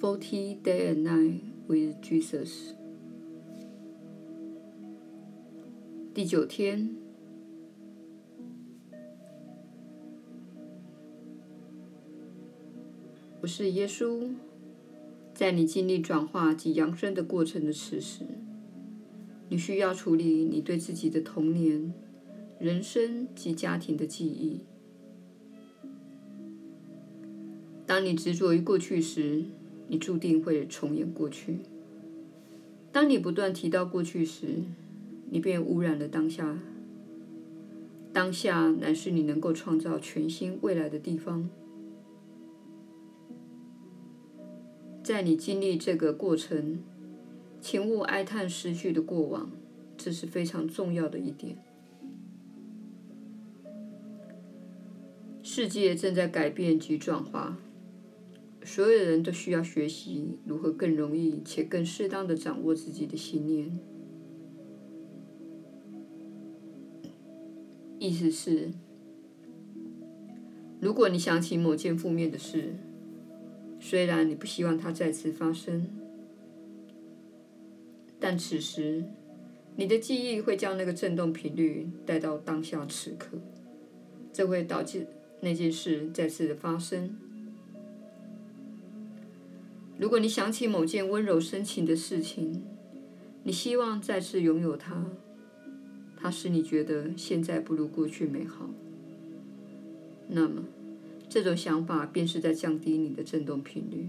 Forty day and night with Jesus。第九天，我是耶穌，在你經歷轉化及揚升的過程的此時，你需要處理你對自己的童年、人生及家庭的記憶。當你執着於過去時，你注定會重演過去。當你不斷提到過去時，你便污染了當下。當下乃是你能夠創造全新未來的地方。在你經歷這個過程，請勿哀嘆失去的過往，這是非常重要的一點。世界正在改變及轉化。所有的人都需要學習如何更容易且更適當地掌握自己的信念。意思是，如果你想起某件負面的事，雖然你不希望它再次發生，但此時你的記憶會將那個振動頻率帶到當下此刻，這會導致那件事再次的發生。如果你想起某件溫柔深情的事情，你希望再次擁有它，它使你覺得現在不如過去美好，那麼，這種想法便是在降低你的振動頻率。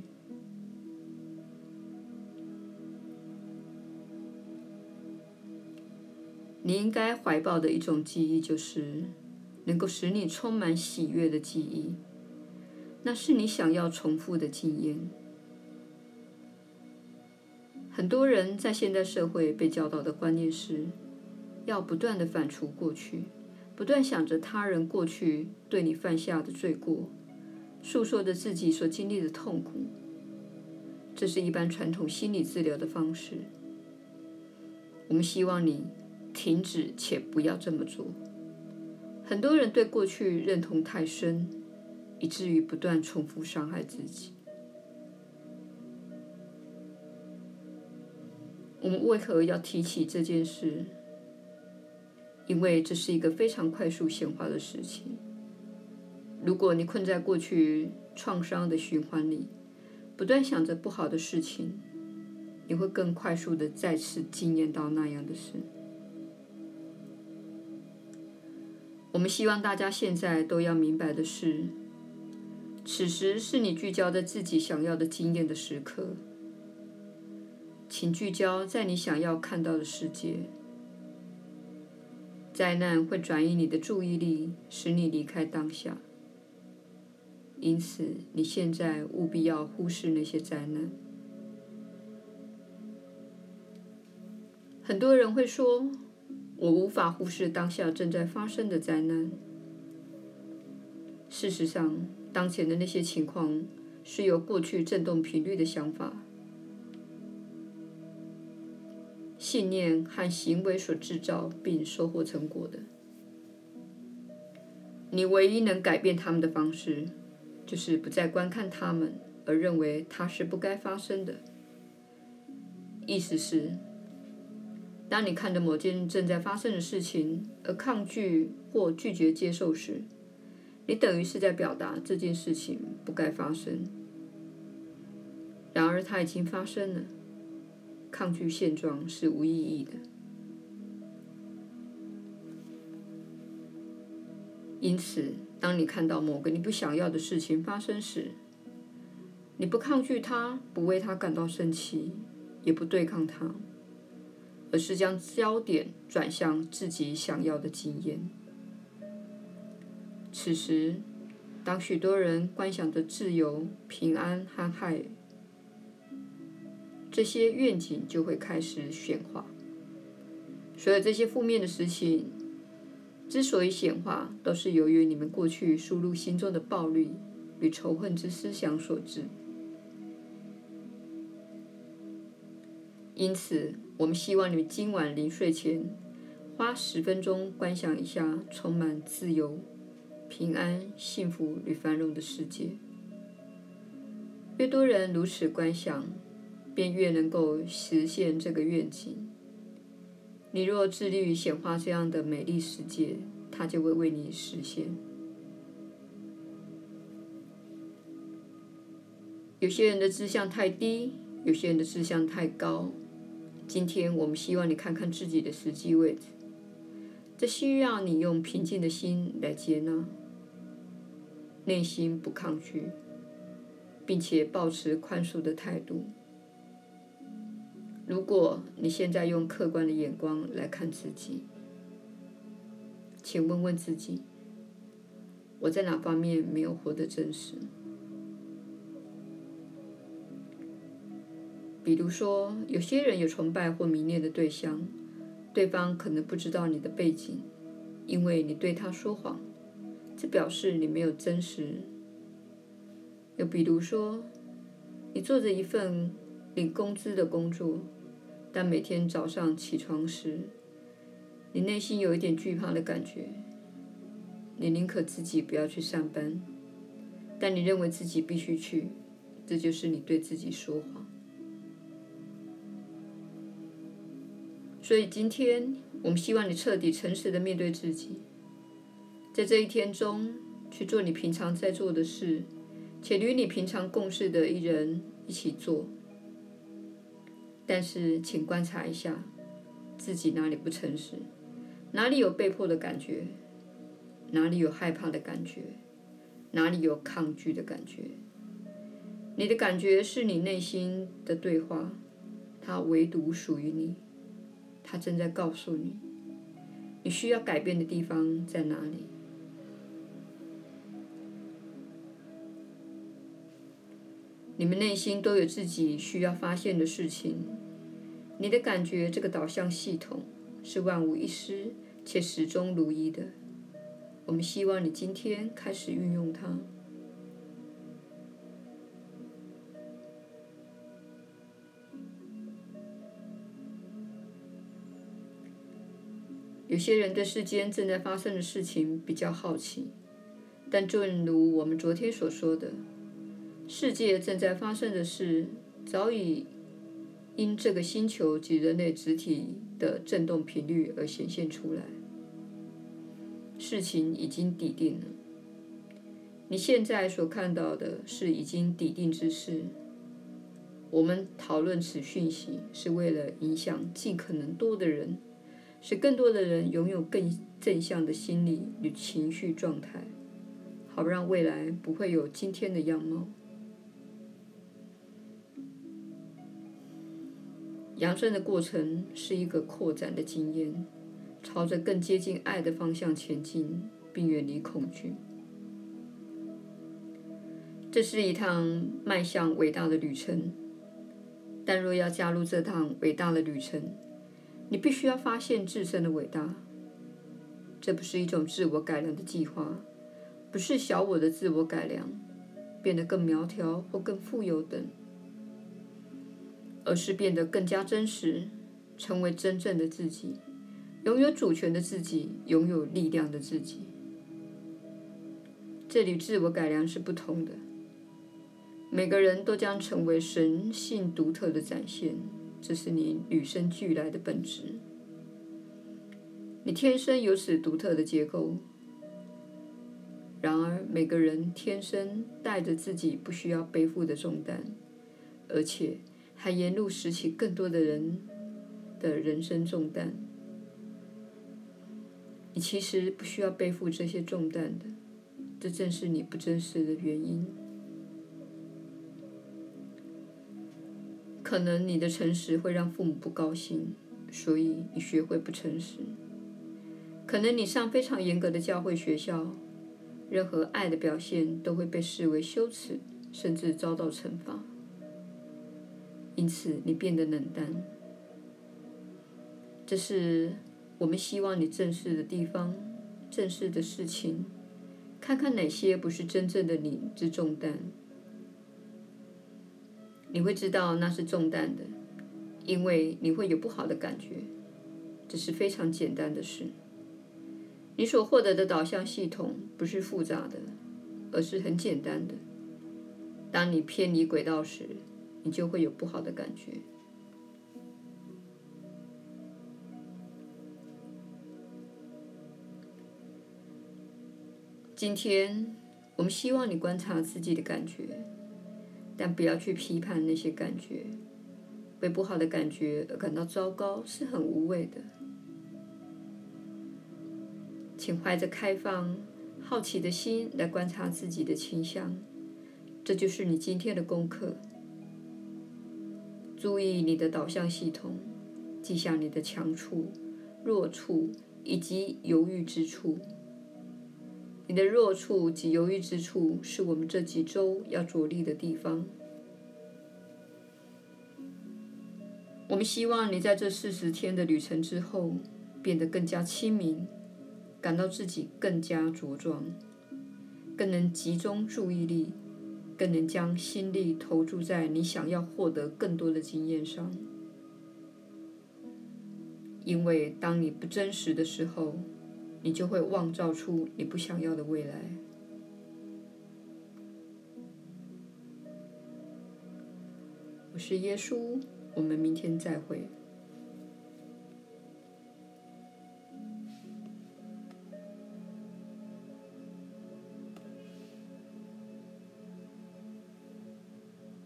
你應該懷抱的一種記憶就是能夠使你充滿喜悅的記憶，那是你想要重複的經驗。很多人在現代社會被教導的觀念是，要不斷的反芻過去，不斷想着他人過去對你犯下的罪過，訴說着自己所經歷的痛苦。這是一般傳統心理治療的方式。我們希望你停止且不要這麼做。很多人對過去認同太深，以至於不斷重複傷害自己。我們為何要提起這件事？因為這是一個非常快速顯化的事情。如果你困在過去創傷的循環裡，不斷想着不好的事情，你會更快速的再次經驗到那樣的事。我們希望大家現在都要明白的是，此時是你聚焦在自己想要的經驗的時刻。請聚焦在你想要看到的世界。災難會轉移你的注意力，使你離開當下。因此，你現在務必要忽視那些災難。很多人會說：“我無法忽視當下正在發生的災難。”事實上，當前的那些情況是由過去振動頻率的想法。信念和行為所製造並收穫成果的，你唯一能改變他們的方式，就是不再觀看他們，而認為它是不該發生的。意思是，當你看着某件正在發生的事情而抗拒或拒絕接受時，你等於是在表達這件事情不該發生。然而，它已經發生了。抗拒現狀是無意義的。因此，當你看到某個你不想要的事情發生時，你不抗拒它，不為它感到生氣，也不對抗它，而是將焦點轉向自己想要的經驗。此時，當許多人觀想着自由、平安和愛，這些願景就會開始顯化。所有這些負面的事情，之所以顯化，都是由於你們過去輸入心中的暴力與仇恨之思想所致。因此，我們希望你們今晚臨睡前，花十分鐘觀想一下充滿自由、平安、幸福與繁榮的世界。越多人如此觀想，便越能夠實現這個願景。你若致力於顯化這樣的美麗世界，它就會為你實現。有些人的志向太低，有些人的志向太高。今天我們希望你看看自己的實際位置，這需要你用平靜的心來接納，內心不抗拒，並且保持寬恕的態度。如果你現在用客觀的眼光來看自己，請問問自己：我在哪方面沒有活得真實？比如說，有些人有崇拜或迷戀的對象，對方可能不知道你的背景，因為你對他說謊，這表示你沒有真實。又比如說，你做着一份領工資的工作。但每天早上起床時，你內心有一點懼怕的感覺，你寧可自己不要去上班，但你認為自己必須去，這就是你對自己說謊。所以今天我們希望你徹底誠實地面對自己，在這一天中去做你平常在做的事，且與你平常共事的一人一起做。但是，請觀察一下，自己哪裡不誠實？哪裡有被迫的感覺？哪裡有害怕的感覺？哪裡有抗拒的感覺？你的感覺是你內心的對話，它唯獨屬於你，它正在告訴你，你需要改變的地方在哪裡。你們內心都有自己需要發現的事情。你的感覺，這個導向系統是萬無一失且始終如一的。我們希望你今天開始運用它。有些人對世間正在發生的事情比較好奇，但正如我們昨天所說的，世界正在發生的事，早已因這個星球及人類集體的振動頻率而顯現出來。事情已經底定了。你現在所看到的是已經底定之事。我們討論此訊息是為了影響盡可能多的人，使更多的人擁有更正向的心理與情緒狀態，好讓未來不會有今天的樣貌。揚升的過程是一個擴展的經驗，朝着更接近愛的方向前進，並遠離恐懼。這是一趟邁向偉大的旅程，但若要加入這趟偉大的旅程，你必須要發現自身的偉大。這不是一種自我改良的計劃，不是小我的自我改良，變得更苗條或更富有等。而是變得更加真實，成為真正的自己，擁有主權的自己，擁有力量的自己。這與自我改良是不同的。每個人都將成為神性獨特的展現，這是你與生俱來的本質。你天生有此獨特的結構，然而每個人天生帶着自己不需要背負的重擔，而且。還沿路拾起更多的人的人生重擔。你其實不需要背負這些重擔的，這正是你不真實的原因。可能你的誠實會讓父母不高興，所以你學會不誠實。可能你上非常嚴格的教會學校，任何愛的表現都會被視為羞恥，甚至遭到懲罰。因此，你變得冷淡。這是我們希望你正視的地方、正視的事情。看看哪些不是真正的你之重擔，你會知道那是重擔的，因為你會有不好的感覺。這是非常簡單的事。你所獲得的導向系統不是複雜的，而是很簡單的。當你偏離軌道時，你就會有不好的感覺。今天我們希望你觀察自己的感覺，但不要去批判那些感覺。為不好的感覺而感到糟糕是很無謂的。請懷着開放、好奇的心來觀察自己的傾向，這就是你今天的功課。注意你的導向系統，記下你的強處、弱處以及猶豫之處。你的弱處及猶豫之處是我們這幾週要着力的地方。我們希望你在這四十天的旅程之後，變得更加親民，感到自己更加茁壯，更能集中注意力。更能將心力投注在你想要獲得更多的經驗上，因為當你不真實的時候，你就會妄造出你不想要的未來。我是耶穌，我們明天再會。